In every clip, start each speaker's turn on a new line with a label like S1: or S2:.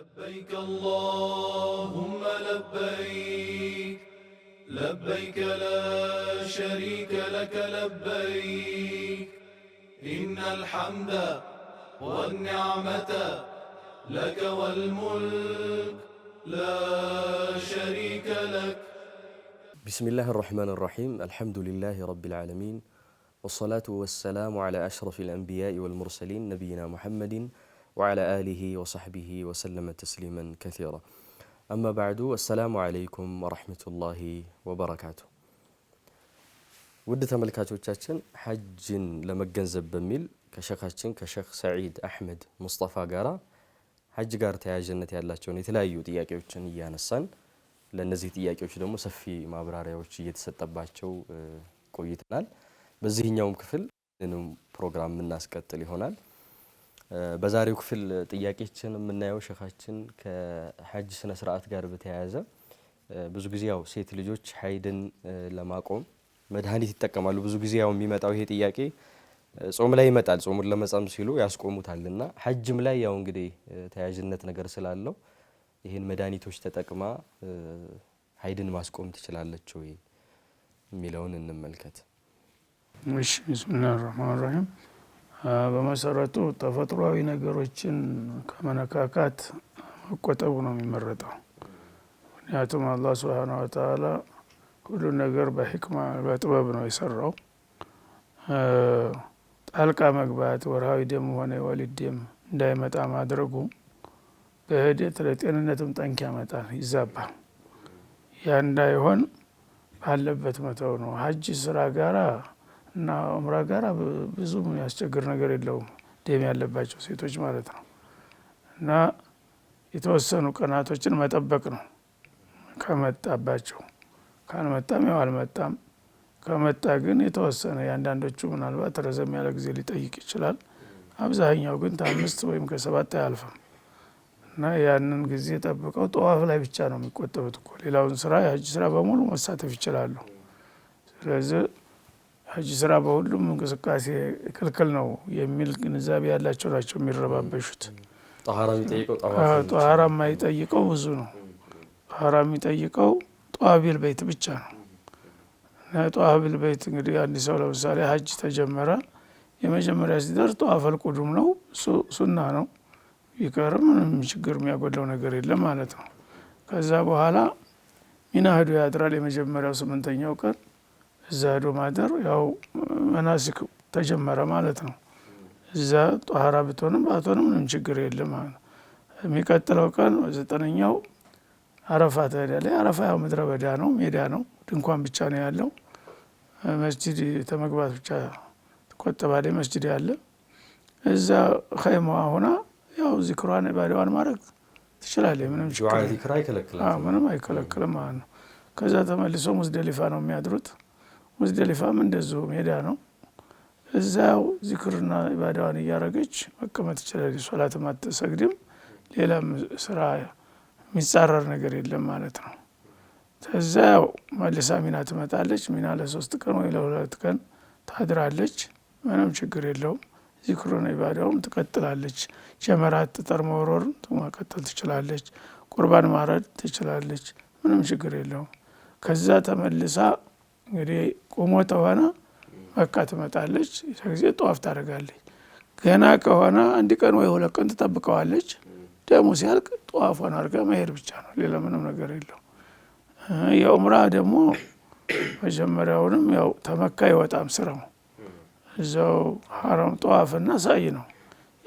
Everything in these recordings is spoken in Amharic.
S1: لبيك اللهم لبيك لبيك لا شريك لك لبيك إن الحمد والنعمة لك والملك لا شريك لك
S2: بسم الله الرحمن الرحيم الحمد لله رب العالمين والصلاة والسلام على أشرف الأنبياء والمرسلين نبينا محمد ወዓላ አሊሂ ወሰሕቢሂ ወሰለመ ተስሊመን ከሲራ አማ ባዕዱ። አሰላሙ ዓለይኩም ወረሕመቱላሂ ወበረካቱ። ውድ ተመልካቾቻችን ሐጅን ለመገንዘብ በሚል ከሸካችን ከሸክ ሰዒድ አሕመድ ሙስጠፋ ጋራ ሐጅ ጋር ተያያዥነት ያላቸውን የተለያዩ ጥያቄዎችን እያነሳን ለእነዚህ ጥያቄዎች ደግሞ ሰፊ ማብራሪያዎች እየተሰጠባቸው ቆይተናል። በዚህኛውም ክፍል ፕሮግራም የምናስቀጥል ይሆናል። በዛሬው ክፍል ጥያቄችን የምናየው ሸኻችን ከሐጅ ስነ ስርዓት ጋር በተያያዘ ብዙ ጊዜ ያው ሴት ልጆች ሀይድን ለማቆም መድኃኒት ይጠቀማሉ። ብዙ ጊዜ ያው የሚመጣው ይሄ ጥያቄ ጾም ላይ ይመጣል። ጾሙን ለመጻም ሲሉ ያስቆሙታልና ሐጅም ላይ ያው እንግዲህ ተያያዥነት ነገር ስላለው ይህን መድኃኒቶች ተጠቅማ ሀይድን ማስቆም ትችላለች ወይ የሚለውን እንመልከት።
S3: እሺ ብስሚላህ በመሰረቱ ተፈጥሯዊ ነገሮችን ከመነካካት መቆጠቡ ነው የሚመረጠው። ምክንያቱም አላህ ስብሓነ ወተዓላ ሁሉን ነገር በሕክማ በጥበብ ነው የሰራው። ጣልቃ መግባት ወርሃዊ ደም ሆነ የወሊድ ደም እንዳይመጣ ማድረጉ በሂደት ለጤንነትም ጠንክ ያመጣል፣ ይዛባል። ያ እንዳይሆን ባለበት መተው ነው። ሀጅ ስራ ጋራ እና ዑምራ ጋር ብዙ ያስቸግር ነገር የለውም። ደም ያለባቸው ሴቶች ማለት ነው። እና የተወሰኑ ቀናቶችን መጠበቅ ነው ከመጣባቸው። ካልመጣም ያው አልመጣም። ከመጣ ግን የተወሰነ የአንዳንዶቹ ምናልባት ረዘም ያለ ጊዜ ሊጠይቅ ይችላል። አብዛኛው ግን ከአምስት ወይም ከሰባት አያልፍም እና ያንን ጊዜ ጠብቀው ጠዋፍ ላይ ብቻ ነው የሚቆጠቡት እኮ ሌላውን ስራ የሀጅ ስራ በሙሉ መሳተፍ ይችላሉ። ስለዚህ ሀጅ ስራ በሁሉም እንቅስቃሴ ክልክል ነው የሚል ግንዛቤ ያላቸው ናቸው የሚረባበሹት። ጠኋራ የማይጠይቀው ብዙ ነው። ጠኋራ የሚጠይቀው ጠዋቢል በይት ብቻ ነው። እና ጠዋቢል በይት እንግዲህ አንድ ሰው ለምሳሌ ሀጅ ተጀመረ፣ የመጀመሪያ ሲደርስ ጠዋፈል ቁዱም ነው፣ ሱና ነው። ቢቀርም ምንም ችግር የሚያጎለው ነገር የለም ማለት ነው። ከዛ በኋላ ሚናህዱ ያድራል የመጀመሪያው ስምንተኛው ቀን እዛ ሄዶ ማደር ያው መናሲክ ተጀመረ ማለት ነው። እዛ ጠኋራ ብትሆንም ባትሆንም ምንም ችግር የለም ማለት ነው። የሚቀጥለው ቀን ዘጠነኛው አረፋ ትሄዳለህ። አረፋ ያው ምድረ በዳ ነው፣ ሜዳ ነው፣ ድንኳን ብቻ ነው ያለው። መስጅድ ተመግባት ብቻ ትቆጠባለህ። መስጅድ ያለ እዛ ኸይማዋ ሆና ያው ዚክሯን ባዲዋን ማድረግ ትችላለህ። ምንም ችግር ምንም አይከለክልም ማለት ነው። ከዛ ተመልሶ ሙዝደሊፋ ነው የሚያድሩት። ሙዝደሊፋም እንደዚሁ ሜዳ ነው። እዛው ዚክርና ኢባዳዋን እያደረገች መቀመጥ ይችላል። ሶላትም አትሰግድም፣ ሌላም ስራ የሚጻረር ነገር የለም ማለት ነው። ከዛው መልሳ ሚና ትመጣለች። ሚና ለሶስት ቀን ወይ ለሁለት ቀን ታድራለች። ምንም ችግር የለውም። ዚክሩን ኢባዳውም ትቀጥላለች። ጀመራት ጠጠር መወርወር መቀጠል ትችላለች። ቁርባን ማረድ ትችላለች። ምንም ችግር የለውም። ከዛ ተመልሳ እንግዲህ ቁሞ ተሆነ መካ ትመጣለች። ጊዜ ጠዋፍ ታደርጋለች። ገና ከሆነ አንድ ቀን ወይ ሁለት ቀን ትጠብቀዋለች። ደሙ ሲያልቅ ጠዋፏን አድርጋ መሄድ ብቻ ነው። ሌላ ምንም ነገር የለው። የኡምራ ደግሞ መጀመሪያውንም ያው ተመካ ይወጣም ስራው እዛው ሀረም ጠዋፍና ሳይ ነው።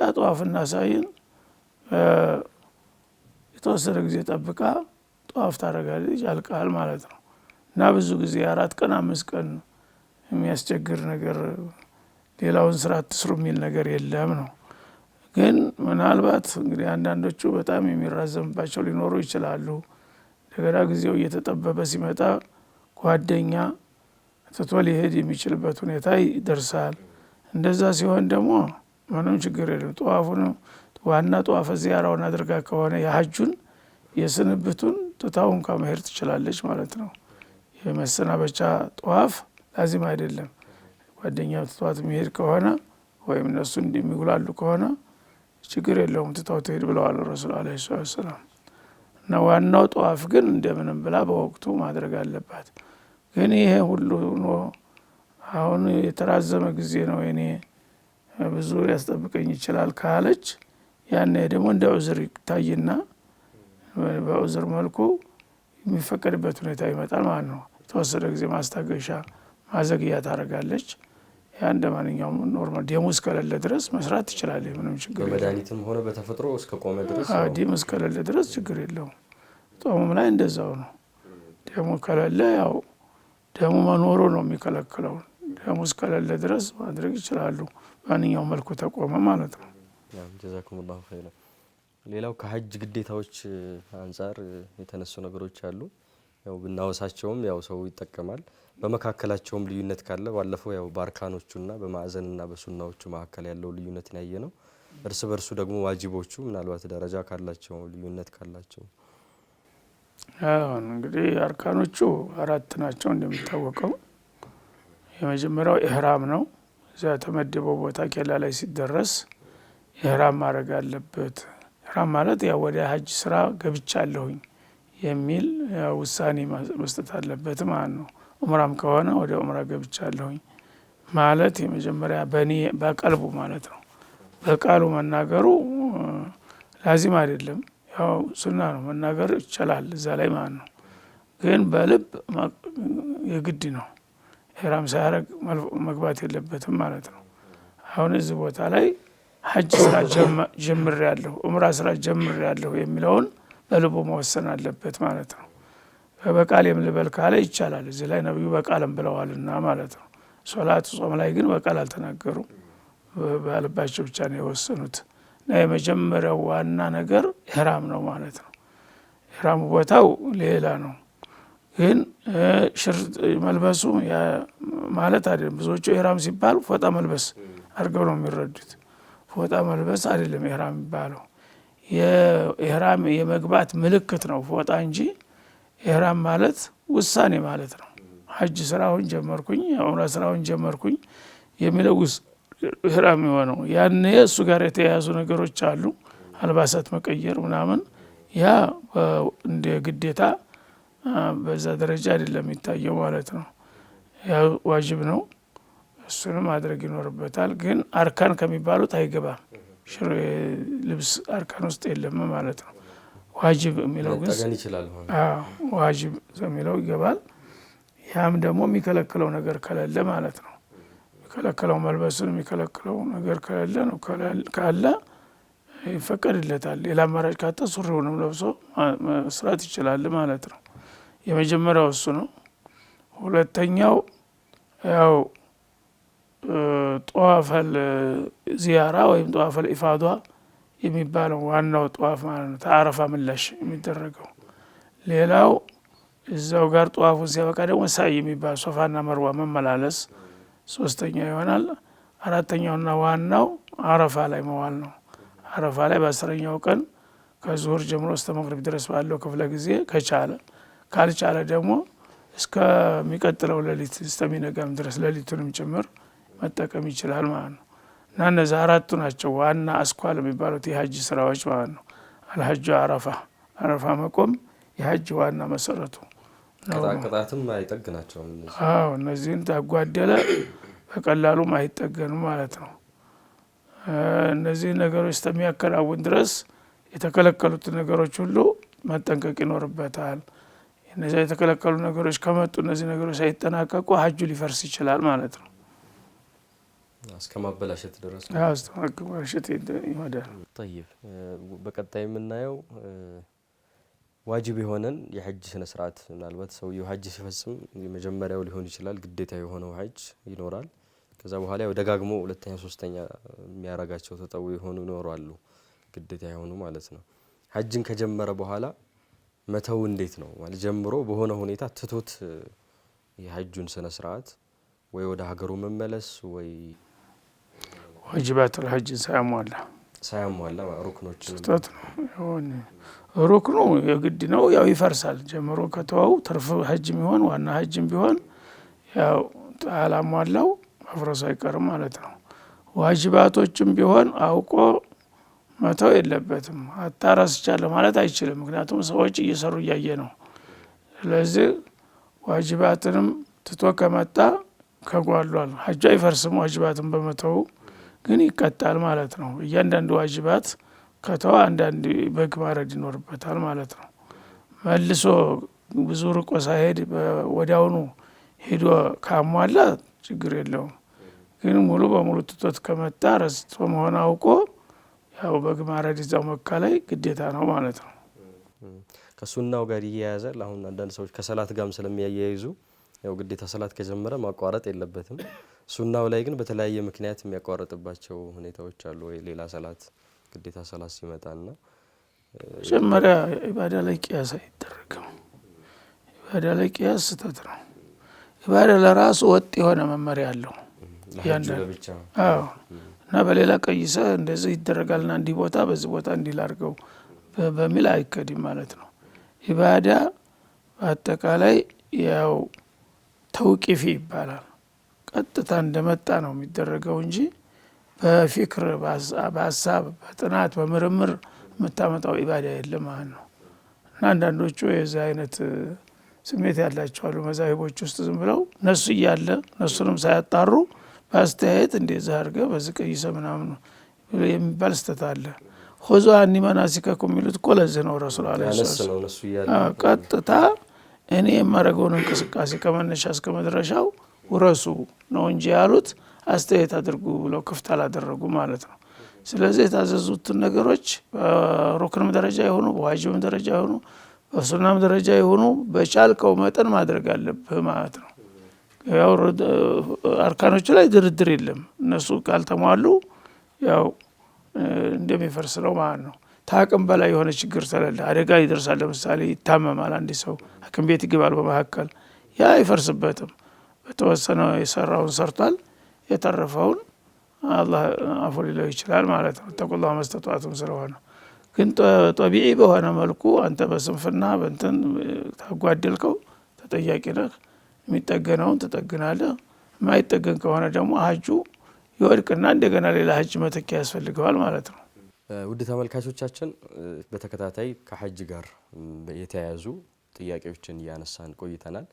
S3: ያ ጠዋፍና ሳይን የተወሰነ ጊዜ ጠብቃ ጠዋፍ ታደረጋለች ያልቃል ማለት ነው። እና ብዙ ጊዜ አራት ቀን አምስት ቀን የሚያስቸግር ነገር ሌላውን ስራ አትስሩ የሚል ነገር የለም ነው። ግን ምናልባት እንግዲህ አንዳንዶቹ በጣም የሚራዘምባቸው ሊኖሩ ይችላሉ። እንደገና ጊዜው እየተጠበበ ሲመጣ ጓደኛ ትቶ ሊሄድ የሚችልበት ሁኔታ ይደርሳል። እንደዛ ሲሆን ደግሞ ምንም ችግር የለም። ጠዋፉን ዋና ጠዋፈ ዚያራውን አድርጋ ከሆነ የሀጁን የስንብቱን ትታውን ከመሄድ ትችላለች ማለት ነው። የመሰናበቻ ጠዋፍ ላዚም አይደለም። ጓደኛው ትተዋት የሚሄድ ከሆነ ወይም እነሱ እንደሚጉላሉ ከሆነ ችግር የለውም ትተው ትሄድ ብለዋል ረሱል አለ ሰላት ሰላም። እና ዋናው ጠዋፍ ግን እንደምንም ብላ በወቅቱ ማድረግ አለባት። ግን ይሄ ሁሉ ኖ አሁን የተራዘመ ጊዜ ነው እኔ ብዙ ሊያስጠብቀኝ ይችላል ካለች ያኔ ደግሞ እንደ ዑዝር ይታይና በዑዝር መልኩ የሚፈቀድበት ሁኔታ ይመጣል ማለት ነው። የተወሰነ ጊዜ ማስታገሻ ማዘግያ ታደርጋለች። ያ እንደ ማንኛውም ኖርማል ደሙ እስከሌለ ድረስ መስራት ትችላለ። ምንም ችግር
S2: በመድኃኒትም ሆነ በተፈጥሮ እስከቆመ ድረስ
S3: ደም እስከሌለ ድረስ ችግር የለውም። ጦሙም ላይ እንደዛው ነው። ደሙ ከሌለ ያው ደሙ መኖሩ ነው የሚከለክለው። ደሙ እስከሌለ ድረስ ማድረግ ይችላሉ። ማንኛውም መልኩ ተቆመ ማለት ነው።
S2: ጀዛኩሙላሁ ኸይረን። ሌላው ከሀጅ ግዴታዎች አንጻር የተነሱ ነገሮች አሉ። ያው ብናወሳቸውም ያው ሰው ይጠቀማል። በመካከላቸውም ልዩነት ካለ ባለፈው ያው በአርካኖቹና በማዕዘንና በሱናዎቹ መካከል ያለው ልዩነት ያየ ነው። እርስ በርሱ ደግሞ ዋጅቦቹ ምናልባት ደረጃ ካላቸው ልዩነት ካላቸው
S3: አሁን እንግዲህ አርካኖቹ አራት ናቸው እንደሚታወቀው የመጀመሪያው ኢህራም ነው። እዚያ ተመድበው ቦታ ኬላ ላይ ሲደረስ ኢህራም ማድረግ አለበት። ኢህራም ማለት ያ ወደ ሀጅ ስራ ገብቻ አለሁኝ የሚል ውሳኔ መስጠት አለበት ማለት ነው። ኡምራም ከሆነ ወደ ኡምራ ገብቻለሁኝ ማለት የመጀመሪያ በኔ በቀልቡ ማለት ነው። በቃሉ መናገሩ ላዚም አይደለም፣ ያው ሱና ነው መናገር ይቻላል እዛ ላይ ማለት ነው። ግን በልብ የግድ ነው። ኢህራም ሳያረግ መግባት የለበትም ማለት ነው። አሁን እዚህ ቦታ ላይ ሀጅ ስራ ያለሁ ኡምራ ስራ ጀምር ያለሁ የሚለውን በልቡ መወሰን አለበት ማለት ነው። በቃል የምልበል ካለ ይቻላል። እዚህ ላይ ነቢዩ በቃልም ብለዋልና ማለት ነው። ሶላት ጾም ላይ ግን በቃል አልተናገሩም። በልባቸው ብቻ ነው የወሰኑት እና የመጀመሪያው ዋና ነገር ኢህራም ነው ማለት ነው። ኢህራሙ ቦታው ሌላ ነው፣ ግን ሽርጥ መልበሱ ማለት አይደለም። ብዙዎቹ ኢህራም ሲባል ፎጣ መልበስ አድርገው ነው የሚረዱት። ፎጣ መልበስ አይደለም ኢህራም የሚባለው። የኢህራም የመግባት ምልክት ነው ፎጣ እንጂ ኢህራም ማለት ውሳኔ ማለት ነው። ሀጅ ስራውን ጀመርኩኝ፣ የዑምራ ስራውን ጀመርኩኝ የሚለው ኢህራም የሆነው ያን እሱ ጋር የተያያዙ ነገሮች አሉ፣ አልባሳት መቀየር ምናምን። ያ እንደ ግዴታ በዛ ደረጃ አይደለም የሚታየው ማለት ነው። ያ ዋጅብ ነው፣ እሱንም ማድረግ ይኖርበታል። ግን አርካን ከሚባሉት አይገባም። ልብስ አርካን ውስጥ የለም ማለት ነው። ዋጅብ የሚለው ግን ዋጅብ የሚለው ይገባል። ያም ደግሞ የሚከለክለው ነገር ከሌለ ማለት ነው። የሚከለክለው መልበስን የሚከለክለው ነገር ከሌለ ነው። ካለ ይፈቀድለታል። ሌላ አማራጭ ካጣ ሱሪውንም ለብሶ መስራት ይችላል ማለት ነው። የመጀመሪያው እሱ ነው። ሁለተኛው ያው ጠዋፈል ዚያራ ወይም ጠዋፈል ኢፋዷ የሚባለው ዋናው ጠዋፍ ማለት ነው። ተአረፋ ምላሽ የሚደረገው ሌላው እዛው ጋር ጠዋፉን ሲያበቃ ደግሞ ሳይ የሚባል ሶፋና መርዋ መመላለስ ሶስተኛ ይሆናል። አራተኛውና ዋናው አረፋ ላይ መዋል ነው። አረፋ ላይ በአስረኛው ቀን ከዙሁር ጀምሮ እስተ መቅሪብ ድረስ ባለው ክፍለ ጊዜ ከቻለ፣ ካልቻለ ደግሞ እስከሚቀጥለው ሌሊት እስተሚነጋም ድረስ ሌሊቱንም ጭምር መጠቀም ይችላል ማለት ነው። እና እነዚህ አራቱ ናቸው ዋና አስኳል የሚባሉት የሀጅ ስራዎች ማለት ነው። አልሀጁ አረፋ፣ አረፋ መቆም የሀጅ ዋና መሰረቱ
S2: ቅጣትም አይጠግናቸውም።
S3: አዎ እነዚህን ታጓደለ በቀላሉም አይጠገንም ማለት ነው። እነዚህ ነገሮች እስከሚያከናውን ድረስ የተከለከሉት ነገሮች ሁሉ መጠንቀቅ ይኖርበታል። እነዚያ የተከለከሉ ነገሮች ከመጡ እነዚህ ነገሮች ሳይጠናቀቁ ሀጁ ሊፈርስ ይችላል ማለት ነው።
S2: እስከ ማበላሸት ድረስ
S3: እስከ ማበላሸት ይሄዳል።
S2: ጠይብ በቀጣይ የምናየው ዋጅብ የሆነን የሐጅ ስነ ስርዓት ምናልባት ሰውየው ሐጅ ሲፈጽም የመጀመሪያው ሊሆን ይችላል ግዴታ የሆነው ሐጅ ይኖራል። ከዛ በኋላ ያው ደጋግሞ ሁለተኛ ሶስተኛ የሚያረጋቸው ተጠው የሆኑ ይኖራሉ፣ ግዴታ የሆኑ ማለት ነው። ሐጅን ከጀመረ በኋላ መተው እንዴት ነው ማለት ጀምሮ በሆነ ሁኔታ ትቶት የሐጁን ስነ ስርዓት ወይ ወደ ሀገሩ መመለስ ወይ
S3: ዋጅባቱል ሐጅ ሳያሟላ
S2: ሳያሟላ ሩክኖች
S3: ስህተት ነው። ሩክኑ የግድ ነው፣ ያው ይፈርሳል። ጀምሮ ከተዋው ትርፍ ሐጅም ቢሆን ዋና ሐጅም ቢሆን ያው አላሟላው መፍረሱ አይቀርም ማለት ነው። ዋጅባቶችም ቢሆን አውቆ መተው የለበትም። አታረስቻለሁ ማለት አይችልም፣ ምክንያቱም ሰዎች እየሰሩ እያየ ነው። ስለዚህ ዋጅባትንም ትቶ ከመጣ ከጓሏል፣ ሐጁ አይፈርስም ዋጅባትን በመተው ግን ይቀጣል ማለት ነው። እያንዳንዱ ዋጅባት ከተዋ አንዳንድ በግ ማረድ ይኖርበታል ማለት ነው። መልሶ ብዙ ርቆ ሳይሄድ ወዲያውኑ ሄዶ ካሟላ ችግር የለውም። ግን ሙሉ በሙሉ ትቶት ከመጣ ረስቶ መሆን አውቆ ያው በግ ማረድ እዛው መካ ላይ ግዴታ ነው ማለት ነው።
S2: ከሱናው ጋር እየያዘ አሁን አንዳንድ ሰዎች ከሰላት ጋርም ስለሚያያይዙ ያው ግዴታ ሰላት ከጀመረ ማቋረጥ የለበትም። ሱናው ላይ ግን በተለያየ ምክንያት የሚያቋረጥባቸው ሁኔታዎች አሉ። ወይ ሌላ ሰላት ግዴታ ሰላት ሲመጣና
S3: መጀመሪያ ኢባዳ ላይ ቅያስ አይደረግም። ኢባዳ ላይ ቅያስ ስህተት ነው። ኢባዳ ለራሱ ወጥ የሆነ መመሪያ አለው እና በሌላ ቀይሰ እንደዚህ ይደረጋልና እንዲህ ቦታ በዚህ ቦታ እንዲላርገው በሚል አይከድም ማለት ነው። ኢባዳ በአጠቃላይ ያው ተውቂፊ ይባላል። ቀጥታ እንደመጣ ነው የሚደረገው እንጂ በፊክር በሀሳብ በጥናት በምርምር የምታመጣው ኢባዳ የለም ማለት ነው። እና አንዳንዶቹ የዚህ አይነት ስሜት ያላቸው አሉ። መዛሂቦች ውስጥ ዝም ብለው ነሱ እያለ ነሱንም ሳያጣሩ በአስተያየት እንደዚህ አድርገህ በዚህ ቀይሰ ምናምኑ የሚባል ስተት አለ። ሆዞ አኒ የሚሉት እኮ ለዚህ ነው። ረሱል አለ ቀጥታ እኔ የማደርገውን እንቅስቃሴ ከመነሻ እስከ መድረሻው ውረሱ ነው እንጂ ያሉት አስተያየት አድርጉ ብለው ክፍት አላደረጉ ማለት ነው። ስለዚህ የታዘዙትን ነገሮች በሩክንም ደረጃ የሆኑ በዋጅብም ደረጃ የሆኑ በሱናም ደረጃ የሆኑ በቻልከው መጠን ማድረግ አለብህ ማለት ነው። ያው አርካኖቹ ላይ ድርድር የለም። እነሱ ካልተሟሉ ያው እንደሚፈርስ ነው ማለት ነው። ታቅም በላይ የሆነ ችግር ስለለ አደጋ ይደርሳል። ለምሳሌ ይታመማል፣ አንድ ሰው ሐኪም ቤት ይግባል በመካከል ያ አይፈርስበትም። በተወሰነ የሰራውን ሰርቷል፣ የተረፈውን አላህ አፉ ሊለው ይችላል ማለት ነው። ተቁላ መስተጧቱም ስለሆነ ግን ጠቢዒ በሆነ መልኩ አንተ በስንፍና በንትን ታጓደልከው ተጠያቂ ነህ። የሚጠገነውን ትጠግናለህ። የማይጠገን ከሆነ ደግሞ ሀጁ ይወድቅና እንደገና ሌላ ሀጅ መተኪያ ያስፈልገዋል ማለት ነው።
S2: ውድ ተመልካቾቻችን በተከታታይ ከሀጅ ጋር የተያያዙ ጥያቄዎችን እያነሳን ቆይተናል።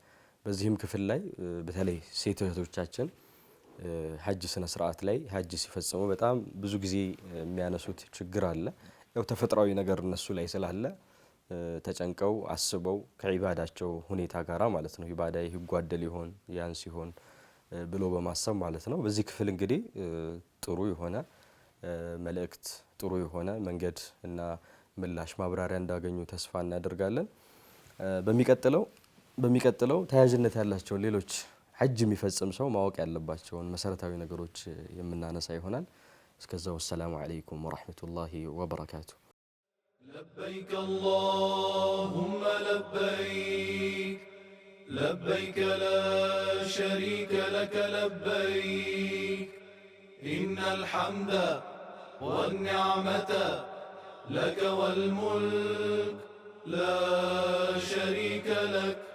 S2: በዚህም ክፍል ላይ በተለይ ሴት እህቶቻችን ሀጅ ስነ ስርዓት ላይ ሀጅ ሲፈጽሙ በጣም ብዙ ጊዜ የሚያነሱት ችግር አለ። ያው ተፈጥሯዊ ነገር እነሱ ላይ ስላለ ተጨንቀው አስበው ከዒባዳቸው ሁኔታ ጋራ ማለት ነው ኢባዳ ይጓደል ይሆን ያን ሲሆን ብሎ በማሰብ ማለት ነው። በዚህ ክፍል እንግዲህ ጥሩ የሆነ መልእክት ጥሩ የሆነ መንገድ እና ምላሽ ማብራሪያ እንዳገኙ ተስፋ እናደርጋለን። በሚቀጥለው በሚቀጥለው ተያያዥነት ያላቸውን ሌሎች ሐጅ የሚፈጽም ሰው ማወቅ ያለባቸውን መሰረታዊ ነገሮች የምናነሳ ይሆናል። እስከዛው አሰላሙ አለይኩም ወራህመቱላሂ ወበረካቱ። لبيك والنعمة لك والملك لا شريك لك